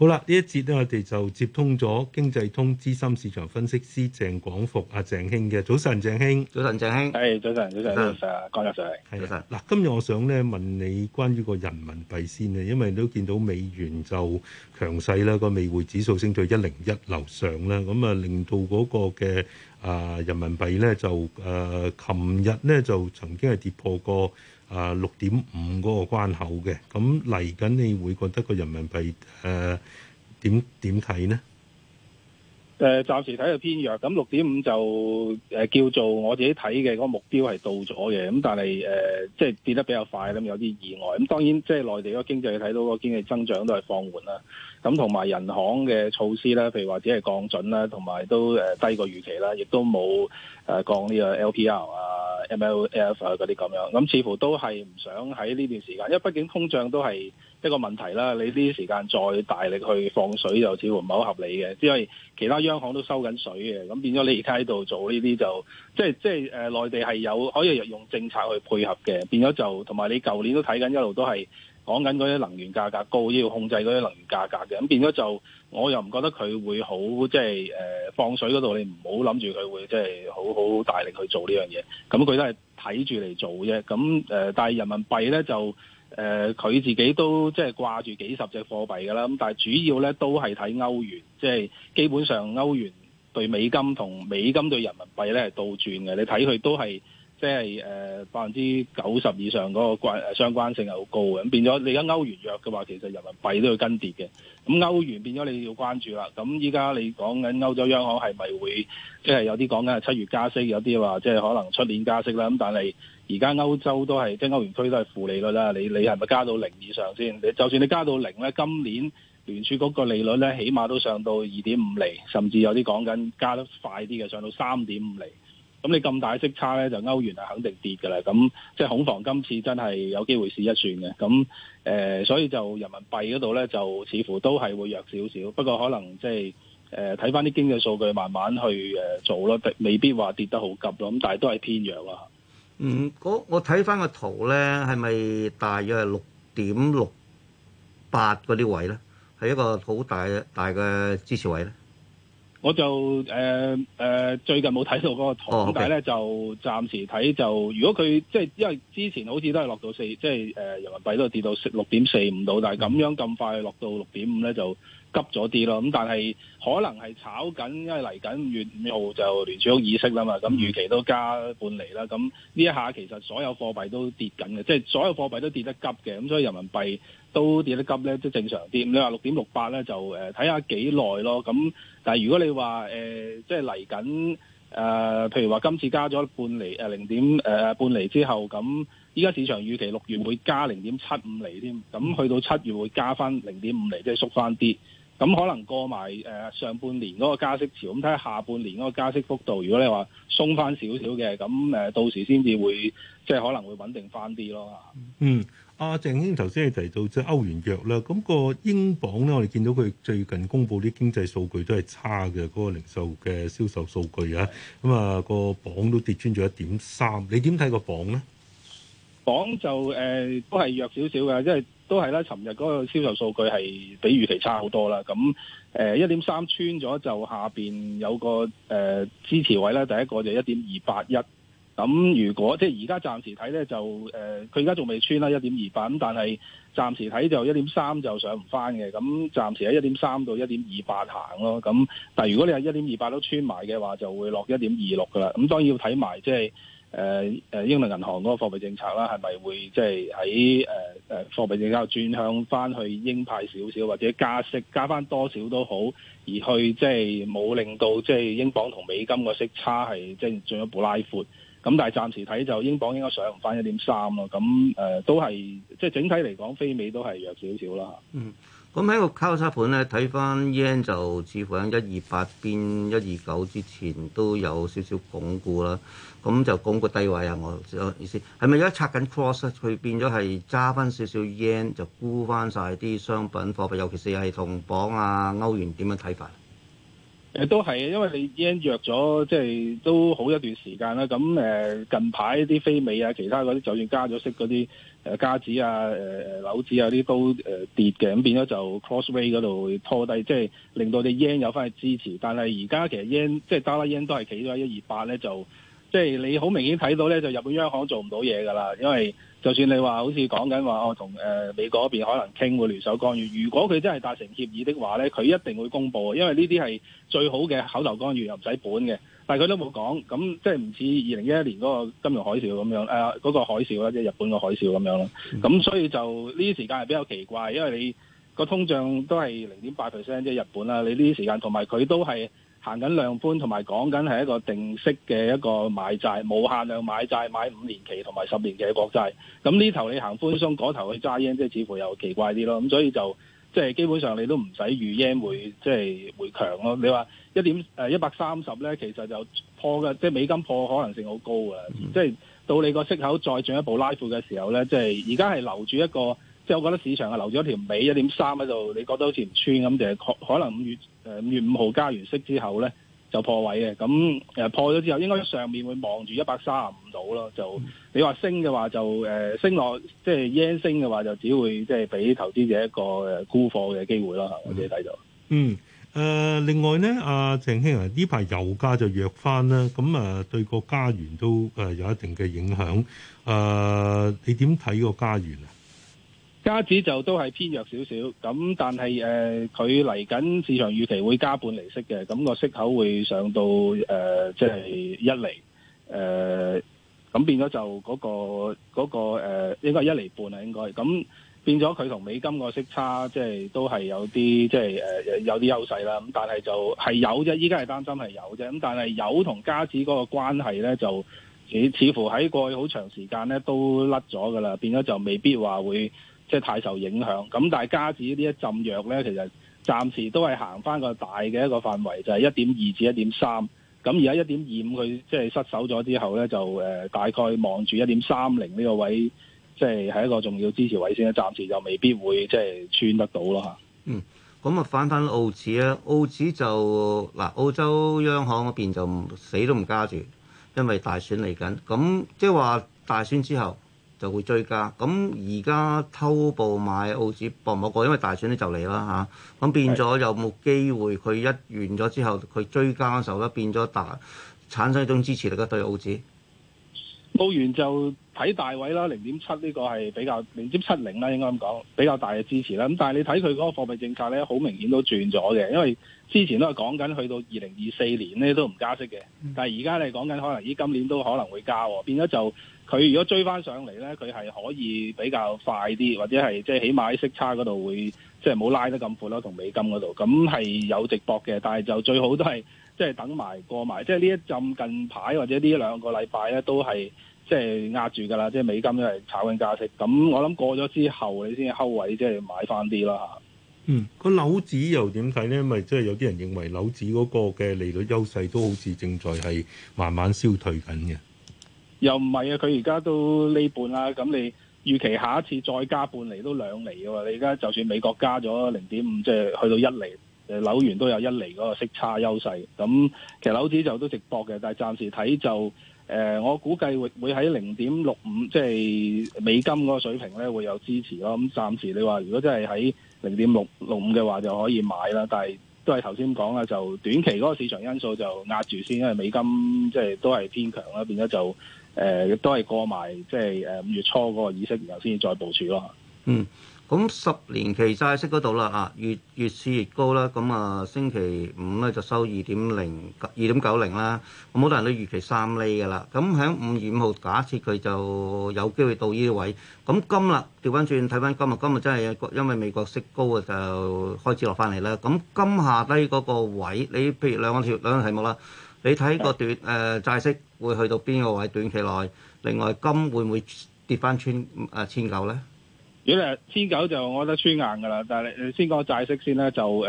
好啦，呢一節咧，我哋就接通咗經濟通資深市場分析師鄭廣復啊，鄭興嘅早晨，鄭興，早晨，鄭興，係早晨，早晨，多謝啊，幹得曬，多謝。嗱，今日我想咧問你關於個人民幣先咧，因為你都見到美元就強勢啦，個美匯指數升到一零一樓上咧，咁啊令到嗰個嘅啊人民幣咧就誒，琴日咧就曾經係跌破過。啊，六點五嗰個關口嘅，咁嚟緊你會覺得個人民幣誒點點睇呢？誒、呃、暫時睇到偏弱，咁六點五就誒、呃、叫做我自己睇嘅嗰個目標係到咗嘅，咁、嗯、但係誒、呃、即係跌得比較快咁有啲意外。咁、嗯、當然即係內地個經濟睇到個經濟增長都係放緩啦，咁同埋人行嘅措施咧，譬如話只係降準啦，同埋都低過預期啦，亦都冇誒降呢個 LPR 啊、MLF 啊嗰啲咁樣，咁、嗯、似乎都係唔想喺呢段時間，因為畢竟通脹都係一個問題啦，你呢啲時間再大力去放水，就似乎唔係好合理嘅，因為其他央行都收緊水嘅，咁變咗你而家喺度做呢啲就即係即係誒、呃、內地係有可以用政策去配合嘅，變咗就同埋你舊年都睇緊一路都係講緊嗰啲能源價格高，要控制嗰啲能源價格嘅，咁變咗就我又唔覺得佢會好即係誒、呃、放水嗰度，你唔好諗住佢會即係好好大力去做呢樣嘢，咁佢都係睇住嚟做啫，咁誒、呃、但係人民幣咧就。誒、呃、佢自己都即係掛住幾十隻貨幣㗎啦，咁但係主要咧都係睇歐元，即、就、係、是、基本上歐元對美金同美金對人民幣咧係倒轉嘅。你睇佢都係即係誒百分之九十以上嗰個關相關性係好高嘅，變咗你而家歐元弱嘅話，其實人民幣都要跟跌嘅。咁歐元變咗你要關注啦。咁依家你講緊歐洲央行係咪會即係、就是、有啲講緊係七月加息，有啲話即係可能出年加息啦。咁但係而家歐洲都係即係歐元區都係負利率啦，你你係咪加到零以上先？你就算你加到零咧，今年聯儲局嗰個利率咧，起碼都上到二點五厘，甚至有啲講緊加得快啲嘅，上到三點五厘。咁你咁大嘅息差咧，就歐元係肯定跌㗎啦。咁即係恐防今次真係有機會試一算嘅。咁誒、呃，所以就人民幣嗰度咧，就似乎都係會弱少少。不過可能即係誒睇翻啲經濟數據，慢慢去誒做咯，未必話跌得好急咯。咁但係都係偏弱啦。嗯，我睇翻個圖咧，係咪大約係六點六八嗰啲位咧？係一個好大嘅大嘅支持位咧？我就誒誒、呃呃、最近冇睇到嗰個圖，但係咧，Okay. 就暫時睇就，如果佢即係因為之前好似都係落到四、就是，即係誒人民幣都係跌到六點四五度，但係咁樣咁快落到六點五咧就。急咗啲咯，咁但係可能係炒緊，因為嚟緊五月五號就聯儲局議息啦嘛，咁預期都加半厘啦。咁呢一下其實所有貨幣都跌緊嘅，即係所有貨幣都跌得急嘅，咁所以人民幣都跌得急咧，都正常啲。你話六點六八咧，就誒睇下幾耐咯。咁但係如果你話誒，即係嚟緊誒，譬如話今次加咗半厘，誒零點誒半厘之後，咁依家市場預期六月會加零點七五厘添，咁去到七月會加翻零點五厘，即係縮翻啲。咁可能過埋上半年嗰個加息潮，咁睇下下半年嗰個加息幅度。如果你話鬆翻少少嘅，咁到時先至會即係可能會穩定翻啲咯。嗯，阿鄭英頭先係提到即係歐元弱啦，咁個英鎊咧，我哋見到佢最近公布啲經濟數據都係差嘅，嗰個零售嘅銷售數據啊，咁啊個鎊都跌穿咗一點三。你點睇個鎊咧？鎊就誒都係弱少少嘅，因為。都係啦，尋日嗰個銷售數據係比預期差好多啦。咁誒一點三穿咗，就下邊有個誒、呃、支持位咧。第一個就一點二八一。咁如果即係而家暫時睇咧，就誒佢而家仲未穿啦，一點二八。咁但係暫時睇就一點三就上唔返嘅。咁暫時喺一點三到一點二八行咯。咁但係如果你係一點二八都穿埋嘅話，就會落一點二六噶啦。咁當然要睇埋即係。即係誒、呃、誒，英倫銀行嗰個貨幣政策啦，係咪會即係喺誒誒貨幣政策轉向翻去英派少少，或者加息加翻多少都好，而去即係冇令到即係英鎊同美金個息差係即係進一步拉闊。咁但係暫時睇就英鎊應該上唔翻一點三咯。咁誒、呃、都係即係整體嚟講，非美都係弱少少啦嗯。咁喺個交叉盤咧睇翻 yen 就似乎喺一二八變一二九之前都有少少鞏固啦，咁就鞏固低位啊！我意思係咪而家拆緊 cross，佢變咗係揸翻少少 yen 就沽翻曬啲商品貨幣，尤其是係同鎊啊歐元點樣睇法？誒都係，因為 yen 弱咗即係都好一段時間啦。咁誒近排啲非美啊，其他嗰啲就算加咗息嗰啲。誒家指啊，誒、呃、誒樓指啊，啲都、呃、跌嘅，咁變咗就 crossway 嗰度會拖低，即係令到啲 yen 有翻去支持。但係而家其實 yen 即係 dollar yen 都係企咗一二八咧，就即係你好明顯睇到咧，就日本央行做唔到嘢㗎啦。因為就算你話好似講緊話，我同、呃、美國嗰邊可能傾會聯手干預。如果佢真係達成協議的話咧，佢一定會公佈，因為呢啲係最好嘅口頭干預又唔使本嘅。但佢都冇講，咁即係唔似二零一一年嗰個金融海嘯咁樣，誒、呃、嗰、嗰個海嘯啦，即係日本個海嘯咁樣啦。咁、嗯、所以就呢啲時間係比較奇怪，因為你個通脹都係零點八 percent，即係日本啦。你呢啲時間，同埋佢都係行緊量寬，同埋講緊係一個定息嘅一個買債，冇限量買債，買五年期同埋十年期嘅國債。咁呢頭你行寬鬆，嗰頭去揸 yen，即係似乎又奇怪啲咯。咁所以就。即係基本上你都唔使預言會即係回強咯。你話一點，誒，一百三十咧，其實就破嘅，即係美金破可能性好高啊。即係，嗯，即係到你個息口再進一步拉闊嘅時候咧，即係而家係留住一個，即係我覺得市場係留住一條尾一點三喺度。你覺得好似唔穿咁，就係可可能五月誒五月五號加完息之後咧。就破位嘅，咁誒破咗之後，應該上面會望住一百三十五度咯。就你話升嘅話就、呃、升嘅話，就誒升落，即係 Yen 升嘅話，就只會即係俾投資者一個誒、呃、沽貨嘅機會咯。我自己睇到。嗯，誒、呃、另外呢，阿、呃、鄭兄啊，呢排油價就弱返啦，咁啊、呃、對個加元都誒有一定嘅影響。誒、呃、你點睇個加元啊？加紙就都係偏弱少少，咁但係誒佢嚟緊市場預期會加半利息嘅，咁、那個息口會上到誒即係一厘。誒、呃、咁變咗就嗰、那個嗰、那個誒、呃、應該係一厘半啊，應該咁變咗佢同美金個息差，即、就、係、是、都係有啲即係誒有啲優勢啦。咁但係就係有啫，依家係擔心係有啫，咁但係油同加紙嗰個關係呢，就似似乎喺過去好長時間呢都甩咗㗎喇，變咗就未必話會。即係太受影響，咁但係加紙呢一浸藥呢，其實暫時都係行翻個大嘅一個範圍，就係一點二至一點三。咁而家一點二五佢即係失守咗之後呢，就誒大概望住一點三零呢個位，即係係一個重要支持位先啦。暫時就未必會即係、就是、穿得到咯嚇。嗯，咁啊，返翻澳紙咧，澳紙就嗱，澳洲央行嗰邊就死都唔加住，因為大選嚟緊。咁即係話大選之後。就會追加，咁而家偷步買澳紙博唔博過？因為大選咧就嚟啦嚇，咁變咗有冇機會，佢一完咗之後，佢追加嘅時候咧變咗大產生一種支持力嘅對澳紙。報完就睇大位啦，零點七呢個係比較零點七零啦，應該咁講比較大嘅支持啦。咁但係你睇佢嗰個貨幣政策咧，好明顯都轉咗嘅，因為之前都係講緊去到二零二四年咧都唔加息嘅，但係而家你講緊可能依今年都可能會加，變咗就佢如果追翻上嚟咧，佢係可以比較快啲，或者係即係起碼喺息差嗰度會即係冇拉得咁闊啦，同美金嗰度咁係有值博嘅，但係就最好都係。即係等埋過埋，即係呢一陣近排或者呢兩個禮拜咧，都係即係壓住噶啦。即係美金都係炒緊加息。咁我諗過咗之後，你先至收位，即係買翻啲啦。嗯，個樓指又點睇咧？因為即係有啲人認為樓指嗰個嘅利率優勢都好似正在係慢慢消退緊嘅。又唔係啊？佢而家都呢半啦。咁你預期下一次再加半厘都兩厘嘅喎。你而家就算美國加咗零點五，即係去到一厘。誒紐元都有一厘嗰個息差優勢，咁其實紐紙就都值博嘅，但係暫時睇就誒，我估計會會喺零點六五，即係美金嗰個水平咧會有支持咯。咁暫時你話如果真係喺零點六六五嘅話，就可以買啦。但係都係頭先講啦，就短期嗰個市場因素就壓住先，因為美金即係都係偏強啦，變咗就誒都係過埋即係誒五月初嗰個議息，然後先至再部署咯。嗯。咁十年期債息嗰度啦，越越試越高啦。咁啊，星期五咧就收二點零二點九零啦。咁好多人都預期三厘噶啦。咁喺五月五號，假設佢就有機會到呢個位。咁今啦，調翻轉睇翻今日。今日真係因為美國息高啊，就開始落翻嚟啦。咁今下低嗰個位，你譬如兩個條兩個題目啦，你睇個短誒、呃、債息會去到邊個位？短期內，另外金會唔會跌翻穿啊千九咧？如果你係千九就我覺得穿硬㗎啦，但係先講個債息先啦，就我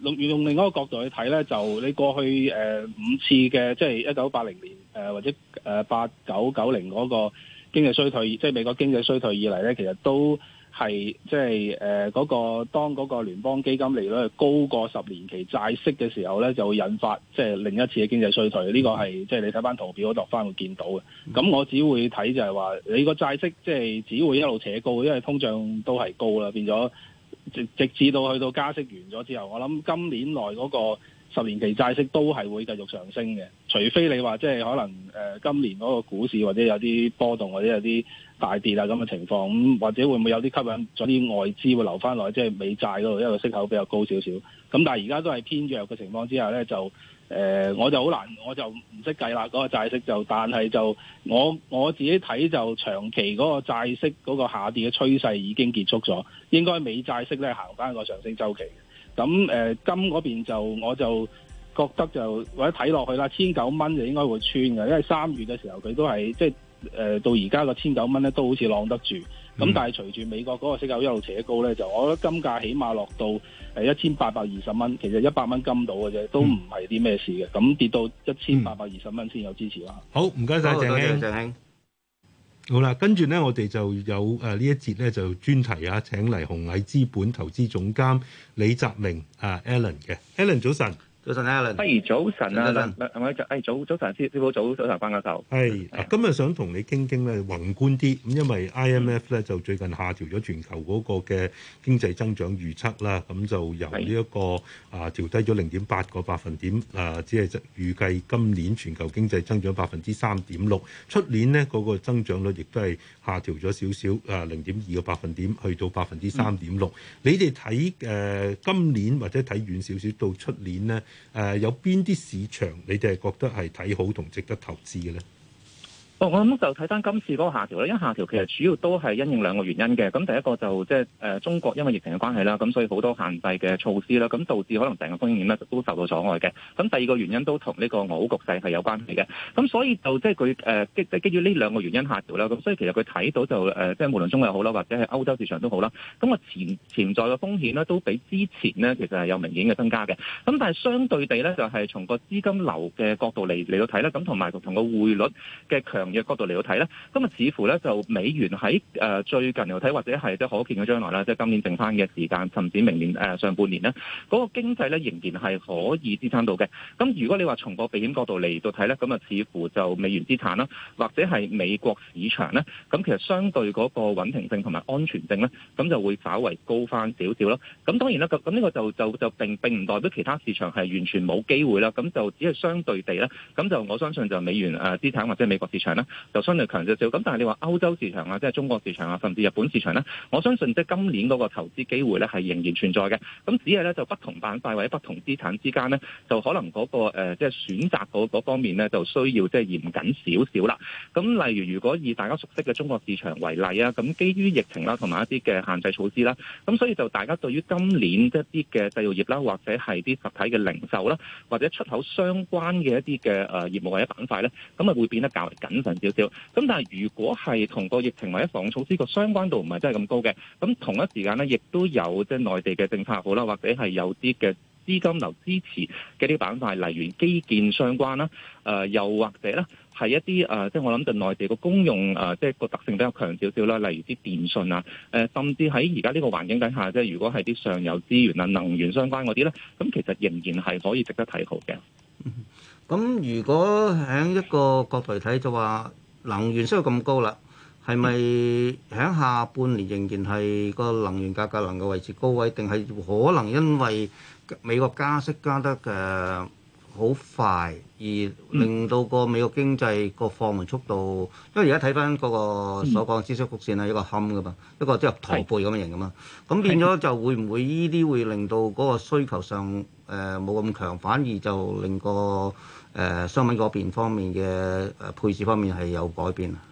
用用另一個角度去睇咧，就你過去、呃、五次嘅，即係一九八零年、呃、或者誒八九九零嗰個經濟衰退，即係美國經濟衰退以嚟咧，其實都。係即係誒，嗰、呃、個當個聯邦基金利率高過十年期債息嘅時候咧，就會引發即係、就是、另一次嘅經濟衰退。呢、嗯這個係即係你睇翻圖表嗰度翻會見到嘅。咁、嗯、我只會睇就係話，你個債息即係只會一路扯高，因為通脹都係高啦，變咗直直至到去到加息完咗之後，我諗今年內嗰個十年期債息都係會繼續上升嘅，除非你話即係可能誒、呃、今年嗰個股市或者有啲波動或者有啲。大跌啦咁嘅情況，咁或者會唔會有啲吸引咗啲外資會留翻落，即、就、係、是、美債嗰度一個息口比較高少少。咁但係而家都係偏弱嘅情況之下呢，就誒、呃、我就好難，我就唔識計啦嗰個債息就。但係就我我自己睇就長期嗰個債息嗰個下跌嘅趨勢已經結束咗，應該美債息咧行翻個上升周期。咁誒、呃、金嗰邊就我就覺得就或者睇落去啦，千九蚊就應該會穿嘅，因為三月嘅時候佢都係即係。就是誒到而家個千九蚊咧，都好似攬得住。咁、嗯、但係隨住美國嗰個息口一路扯高咧，就我覺得金價起碼落到誒一千八百二十蚊，其實一百蚊金到嘅啫，都唔係啲咩事嘅。咁、嗯、跌到一千八百二十蚊先有支持啦。好，唔該晒，鄭兄，鄭兄。好啦，跟住咧，我哋就有誒呢一節咧就專題啊，請嚟紅蟻資本投資總監李澤銘啊 Allen 嘅 Allen 早晨。早晨，Alan。不如早晨啊，係咪？早早晨先，早早晨翻個頭。係，今日想同你傾傾咧，宏觀啲。咁，因為 IMF 咧就最近下調咗全球嗰個嘅經濟增長預測啦。咁就由呢、這、一個啊調低咗零點八個百分點。啊，只係預計今年全球經濟增長百分之三點六。出年呢，嗰、那個增長率亦都係下調咗少少，啊，零點二個百分點，去到百分之三點六。你哋睇誒今年或者睇遠少少到出年呢，誒、呃、有邊啲市場，你哋係覺得係睇好同值得投資嘅咧？我諗就睇翻今次嗰個下調啦。因為下調其實主要都係因應兩個原因嘅。咁第一個就即係誒中國因為疫情嘅關係啦，咁所以好多限制嘅措施啦，咁導致可能成個風險咧都受到阻礙嘅。咁第二個原因都同呢個俄烏局勢係有關係嘅。咁所以就即係佢即跟基於呢兩個原因下調啦。咁所以其實佢睇到就、呃、即係無論中國又好啦，或者係歐洲市場都好啦，咁個潛、潛在嘅風險咧都比之前呢其實係有明顯嘅增加嘅。咁但係相對地咧，就係、是、從個資金流嘅角度嚟嚟到睇啦，咁同埋同個匯率嘅強。嘅角度嚟到睇咧，咁啊，似乎咧就美元喺誒最近嚟睇，或者係即係可見嘅將來啦，即係今年剩翻嘅時間，甚至明年誒上半年咧，嗰個經濟咧仍然係可以支撐到嘅。咁如果你話從個避險角度嚟到睇咧，咁啊，似乎就美元資產啦，或者係美國市場咧，咁其實相對嗰個穩定性同埋安全性咧，咁就會稍為高翻少少咯。咁當然啦，咁呢個就就就，就並並唔代表其他市場係完全冇機會啦。咁就只係相對地咧，咁就我相信就美元誒資產或者美國市場啦。就相對強少少，咁但係你話歐洲市場啊，即係中國市場啊，甚至日本市場呢，我相信即係今年嗰個投資機會呢係仍然存在嘅，咁只係呢，就不同板塊或者不同資產之間呢，就可能嗰個即係選擇嗰方面呢就需要即係嚴謹少少啦。咁例如如果以大家熟悉嘅中國市場為例啊，咁基於疫情啦同埋一啲嘅限制措施啦，咁所以就大家對於今年一啲嘅製造業啦，或者係啲實體嘅零售啦，或者出口相關嘅一啲嘅誒業務或者板塊呢，咁啊會變得較為緊少少咁，但係如果係同個疫情或者防措施個相關度唔係真係咁高嘅，咁同一時間呢，亦都有即係內地嘅政策好啦，或者係有啲嘅資金流支持嘅啲板塊，例如基建相關啦，誒，又或者呢，係一啲誒，即係我諗就內地個公用誒，即係個特性比較強少少啦，例如啲電信啊，誒，甚至喺而家呢個環境底下，即係如果係啲上游資源啊、能源相關嗰啲呢，咁其實仍然係可以值得睇好嘅。咁如果喺一個角度嚟睇，就話能源需要咁高啦，係咪喺下半年仍然係個能源價格，格能夠維持高位，定係可能因為美國加息加得誒，好快而令到個美國經濟個放緩速度，因為而家睇翻嗰個所講嘅支出曲線係一個坎，㗎嘛，一個即係駝背咁嘅型㗎嘛，咁變咗就會唔會依啲會令到嗰個需求上誒冇咁強，反而就令，個誒、呃、商品嗰邊方面嘅誒、呃、配置方面係有改變啊？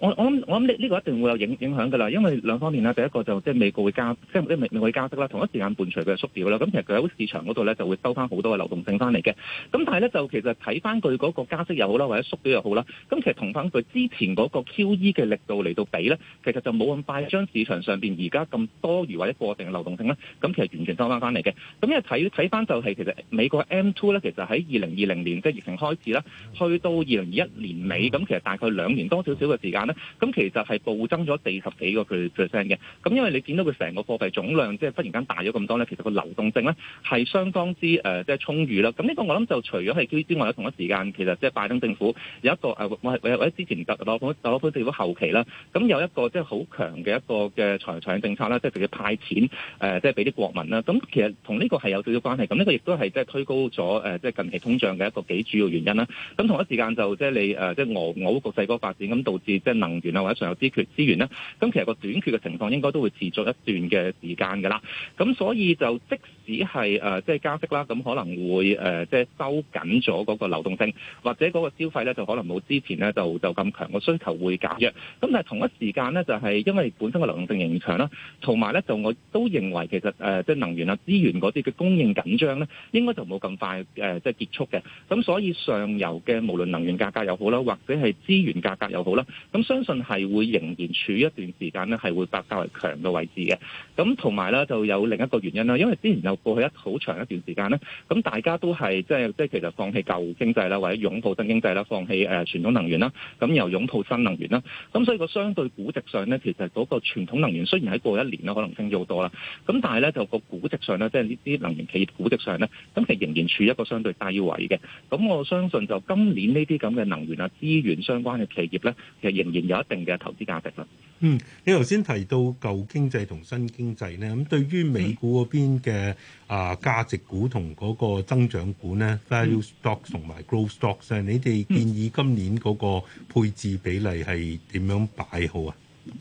我我諗我諗呢呢個一定會有影影響㗎啦，因為兩方面啦，第一個就即係美國會加即係即係美國國會加息啦，同一時間伴隨佢縮表啦。咁其實佢喺市場嗰度咧就會收翻好多嘅流動性翻嚟嘅。咁但係咧就其實睇翻佢嗰個加息又好啦，或者縮表又好啦，咁其實同翻佢之前嗰個 QE 嘅力度嚟到比咧，其實就冇咁快將市場上邊而家咁多餘或者過剩嘅流動性啦，咁其實完全收翻翻嚟嘅。咁因為睇睇翻就係其實美國 M2 咧，其實喺二零二零年即係、就是、疫情開始啦，去到二零二一年尾，咁其實大概兩年多少少嘅時間。咁其實係暴增咗四十幾個 percent 嘅，咁因為你見到佢成個貨幣總量即係忽然間大咗咁多咧，其實個流動性咧係相當之誒即係充裕啦。咁、這、呢個我諗就除咗係之外，同一時間其實即係拜登政府有一個誒，或者之前特攞款攞款特朗普特朗普政府後期啦，咁有一個即係好強嘅一個嘅財財政政策啦，即係佢要派錢誒，即係俾啲國民啦。咁其實同呢個係有少少關係。咁、這、呢個亦都係即係推高咗誒，即係近期通脹嘅一個幾主要原因啦。咁同一時間就即係你誒，即係俄俄烏局勢嗰個發展咁導致能源啊，或者上游短缺資源咧，咁其實個短缺嘅情況應該都會持續一段嘅時間噶啦。咁所以就即使係誒即係加息啦，咁可能會誒即係收緊咗嗰個流動性，或者嗰個消費咧就可能冇之前咧就就咁強，個需求會減弱。咁但係同一時間咧就係因為本身個流動性仍然強啦，同埋咧就我都認為其實誒即係能源啊、資源嗰啲嘅供應緊張咧，應該就冇咁快誒即係結束嘅。咁所以上游嘅無論能源價格又好啦，或者係資源價格又好啦。咁相信係會仍然處於一段時間呢，係會達較為強嘅位置嘅。咁同埋呢就有另一個原因啦，因為之前又過去一好長一段時間呢，咁大家都係即係即係其實放棄舊經濟啦，或者擁抱新經濟啦，放棄誒傳統能源啦，咁又擁抱新能源啦。咁所以個相對估值上呢，其實嗰個傳統能源雖然喺過一年啦，可能升咗好多啦，咁但係呢，就個估值上呢，即係呢啲能源企業估值上呢，咁其實仍然處於一個相對低位嘅。咁我相信就今年呢啲咁嘅能源啊、資源相關嘅企業呢，其實仍然有一定嘅投資價值啦。嗯，你頭先提到舊經濟同新經濟咧，咁對於美股嗰邊嘅、嗯、啊價值股同嗰個增長股呢，value stocks 同埋 growth stocks，你哋建議今年嗰個配置比例係點樣擺好啊？嗯嗯嗯嗯嗯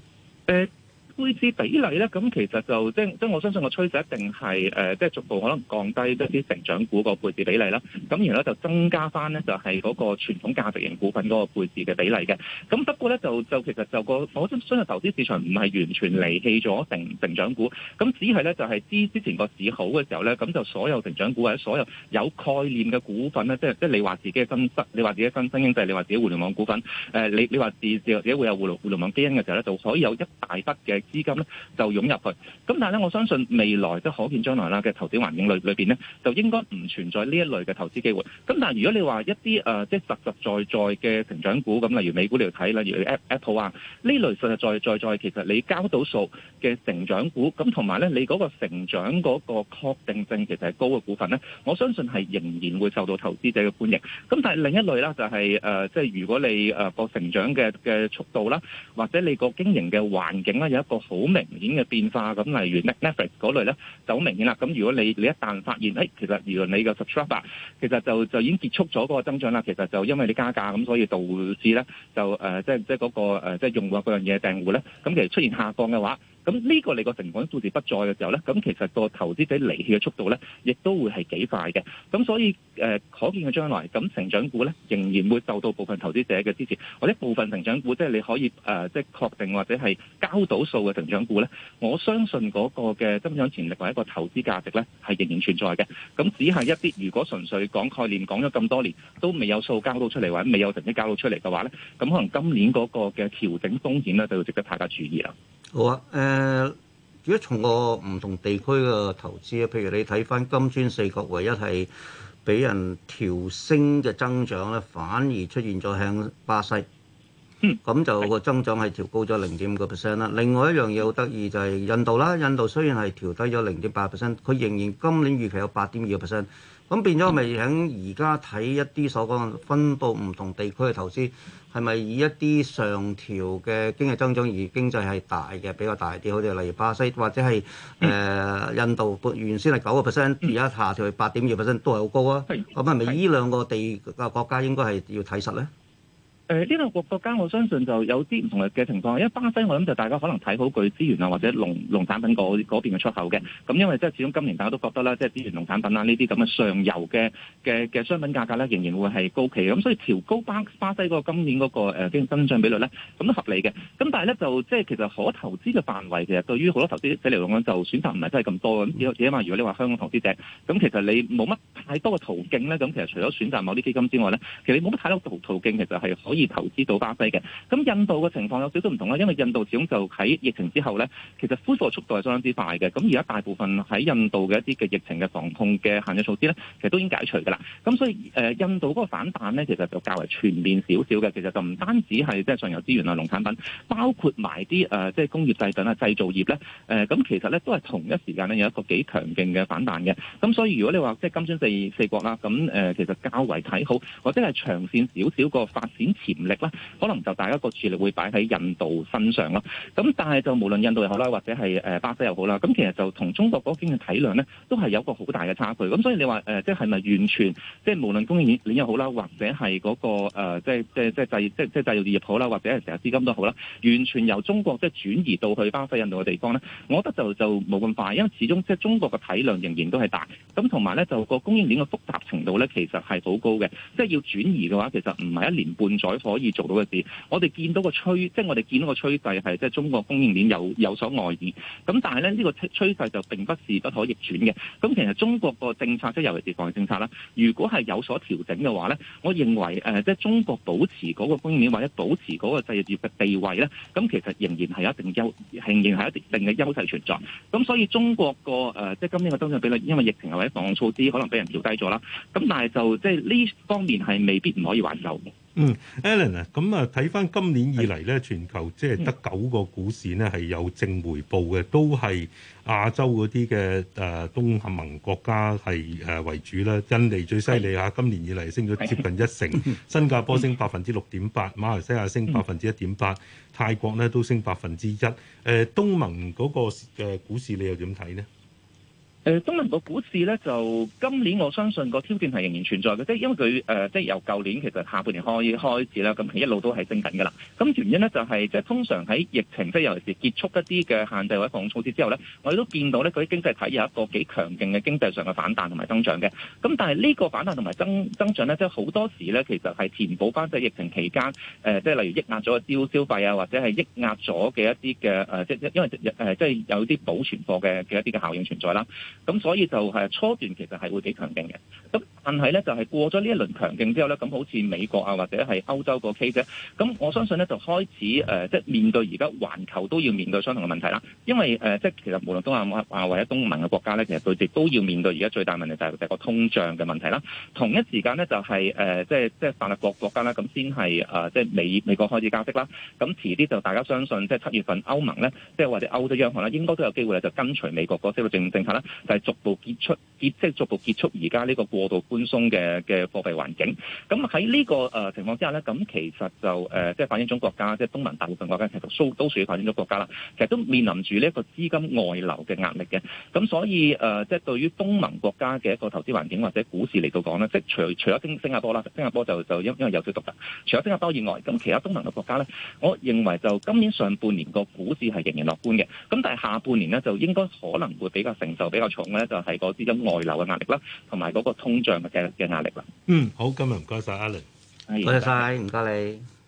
嗯嗯嗯配置比例咧，咁其實就即即我相信個趨勢一定係誒，即逐步可能降低一啲成長股個配置比例啦。咁然後咧就增加翻咧就係嗰個傳統價值型股份嗰個配置嘅比例嘅。咁不過咧就就其實就個我真相信投資市場唔係完全離棄咗成成長股，咁只係咧就係之之前個市好嘅時候咧，咁就所有成長股或者所有有概念嘅股份咧，即、就、即、係就係、你話自己嘅新質，你話自己新新經濟，就係、你話自己互聯網股份，誒你你話自自己會有互聯互聯網基因嘅時候咧，就可以有一大筆嘅。資金咧就湧入去，咁但係咧我相信未來即係可見將來啦嘅投資環境裏裏邊咧，就應該唔存在呢一類嘅投資機會。咁但係如果你話一啲誒即係實實在在嘅成長股，咁例如美股你要睇，例如 Apple 啊呢類實實在在在其實你交到數嘅成長股，咁同埋咧你嗰個成長嗰個確定性其實係高嘅股份咧，我相信係仍然會受到投資者嘅歡迎。咁但係另一類啦就係誒即係如果你誒個成長嘅嘅速度啦，或者你個經營嘅環境啦有一個。好明顯嘅變化，咁例如 Netflix 嗰類咧就好明顯啦。咁如果你你一旦發現，誒、哎、其實，原來你嘅 subscriber 其實就就已經結束咗嗰個增長啦。其實就因為你加價，咁所以導致咧就誒、呃、即即嗰、那個誒、呃、即用嗰個樣嘢訂戶咧，咁其實出現下降嘅話。咁呢個你個成長數字不在嘅時候呢，咁其實個投資者離棄嘅速度呢，亦都會係幾快嘅。咁所以誒，可見嘅將來，咁成長股呢，仍然會受到部分投資者嘅支持，或者部分成長股，即係你可以誒，即係確定或者係交到數嘅成長股呢，我相信嗰個嘅增長潛力或一個投資價值呢，係仍然存在嘅。咁只係一啲如果純粹講概念講咗咁多年，都未有數交到出嚟或者未有成績交到出嚟嘅話呢，咁可能今年嗰個嘅調整風險呢，就值得大家注意啦。好啊，誒、呃，如果從個唔同地區嘅投資啊，譬如你睇返金磚四國，唯一係俾人調升嘅增長咧，反而出現咗向巴西，咁、嗯、就個增長係調高咗零點五個 percent 啦。另外一樣嘢好得意就係印度啦，印度雖然係調低咗零點八 percent，佢仍然今年預期有八點二個 percent。咁變咗咪喺而家睇一啲所講分佈唔同地區嘅投資，係咪以一啲上調嘅經濟增長而經濟係大嘅比較大啲？好似例如巴西或者係誒、呃、印度，原先係九個 percent，而家下調去八點二 percent，都係好高啊！咁係咪依兩個地嘅國家應該係要睇實咧？誒呢六個國家，我相信就有啲唔同嘅情況。因為巴西，我諗就大家可能睇好佢資源啊，或者農農產品嗰邊嘅出口嘅。咁、嗯、因為即係始終今年大家都覺得啦，即係資源、農產品啊呢啲咁嘅上游嘅嘅嘅商品價格咧，仍然會係高企。咁、嗯、所以調高巴巴西嗰個今年嗰、那個誒經、呃、增長比率咧，咁、嗯、都合理嘅。咁、嗯、但係咧就即係其實可投資嘅範圍其實對於好多投資者嚟講就選擇唔係真係咁多嘅。咁起碼如果你話香港投資者，咁其實你冇乜太多嘅途徑咧。咁其實除咗選擇某啲基金之外咧，其實你冇乜太多途途徑其實係可以。投資到巴西嘅，咁印度嘅情況有少少唔同啦，因為印度始終就喺疫情之後呢，其實恢復速度係相當之快嘅。咁而家大部分喺印度嘅一啲嘅疫情嘅防控嘅限制措施呢，其實都已經解除噶啦。咁所以誒、呃，印度嗰個反彈呢，其實就較為全面少少嘅。其實就唔單止係即係上游資源啊、農產品，包括埋啲誒即係工業製品啊、製造業呢，誒、呃，咁其實呢都係同一時間呢有一個幾強勁嘅反彈嘅。咁所以如果你話即係金磚四四國啦，咁誒、呃、其實較為睇好，或者係長線少少個發展，潛力啦，可能就大家個注意力會擺喺印度身上啦。咁但係就無論印度又好啦，或者係誒巴西又好啦，咁其實就同中國嗰邊嘅體量咧，都係有個好大嘅差距。咁所以你話誒，即係咪完全即係、就是、無論供應鏈又好啦，或者係嗰、那個、呃、即係即係即係製即係即係製造業好啦，或者係成日資金都好啦，完全由中國即係轉移到去巴西、印度嘅地方咧，我覺得就就冇咁快，因為始終即係中國嘅體量仍然都係大。咁同埋咧，就個供應鏈嘅複雜程度咧，其實係好高嘅。即、就、係、是、要轉移嘅話，其實唔係一年半載，可以做到嘅事，我哋見到個趨，即係我哋見到個趨勢係即係中國供應鏈有有所外移。咁但係咧，呢個趨勢就並不是不可逆轉嘅。咁其實中國個政策，即係尤其是防疫政策啦，如果係有所調整嘅話咧，我認為誒即係中國保持嗰個供應鏈或者保持嗰個製造業嘅地位咧，咁其實仍然係有一定優，仍然係一定嘅優勢存在。咁所以中國個誒即係今年嘅增長比率，因為疫情或者防控措施可能俾人調低咗啦。咁但係就即係呢方面係未必唔可以挽救。嗯，Allen 啊，咁啊睇翻今年以嚟咧，全球即係得九個股市呢係有正回報嘅，都係亞洲嗰啲嘅誒東盟國家係誒為主啦。印尼最犀利嚇，今年以嚟升咗接近一成，新加坡升百分之六點八，馬來西亞升百分之一點八，泰國呢都升百分之一。誒東盟嗰個誒股市你又點睇呢？誒，中環個股市咧，就今年我相信個挑戰係仍然存在嘅、呃，即係因為佢誒，即係由舊年其實下半年開始開始啦，咁係一路都係升緊㗎啦。咁原因咧就係即係通常喺疫情，即係尤其是結束一啲嘅限制或者防控措施之後咧，我哋都見到咧佢啲經濟體有一個幾強勁嘅經濟上嘅反彈同埋增長嘅。咁但係呢個反彈同埋增增長咧，即係好多時咧，其實係填補翻即係疫情期間誒、呃，即係例如抑壓咗嘅消消費啊，或者係抑壓咗嘅一啲嘅誒，即係因為誒、呃，即係有啲保存貨嘅嘅一啲嘅效應存在啦。咁所以就係初段其實係會幾強勁嘅，咁但係咧就係、是、過咗呢一輪強勁之後咧，咁好似美國啊或者係歐洲個 case 咧，咁我相信咧就開始、呃、即係面對而家環球都要面對相同嘅問題啦。因為、呃、即係其實無論東亞啊或者東盟嘅國家咧，其實佢哋都要面對而家最大問題就係個通脹嘅問題啦。同一時間咧就係、是呃、即係即係發達國國家啦，咁先係、呃、即係美美國開始加息啦。咁遲啲就大家相信，即係七月份歐盟咧，即係或者歐洲央行咧，應該都有機會咧就跟隨美國個政政策啦。就係、是、逐、逐步結束，即係逐步結束而家呢個過度寬鬆嘅嘅貨幣環境。咁喺呢個誒情況之下呢，咁其實就誒，即係發展中國家，即、就、係、是、東盟大部分國家其實都都屬於發展中國家啦。其實都面臨住呢一個資金外流嘅壓力嘅。咁所以誒，即、呃、係、就是、對於東盟國家嘅一個投資環境或者股市嚟到講呢，即係除除咗新加坡啦，新加坡就就因因為有少少獨特，除咗新加坡以外，咁其他東盟嘅國家呢，我認為就今年上半年個股市係仍然樂觀嘅。咁但係下半年呢，就應該可能會比較承受比較。重咧就係個資金外流嘅壓力啦，同埋嗰個通脹嘅嘅壓力啦。嗯，好，今日唔該晒，Alan 多謝晒，唔該你。謝謝謝謝你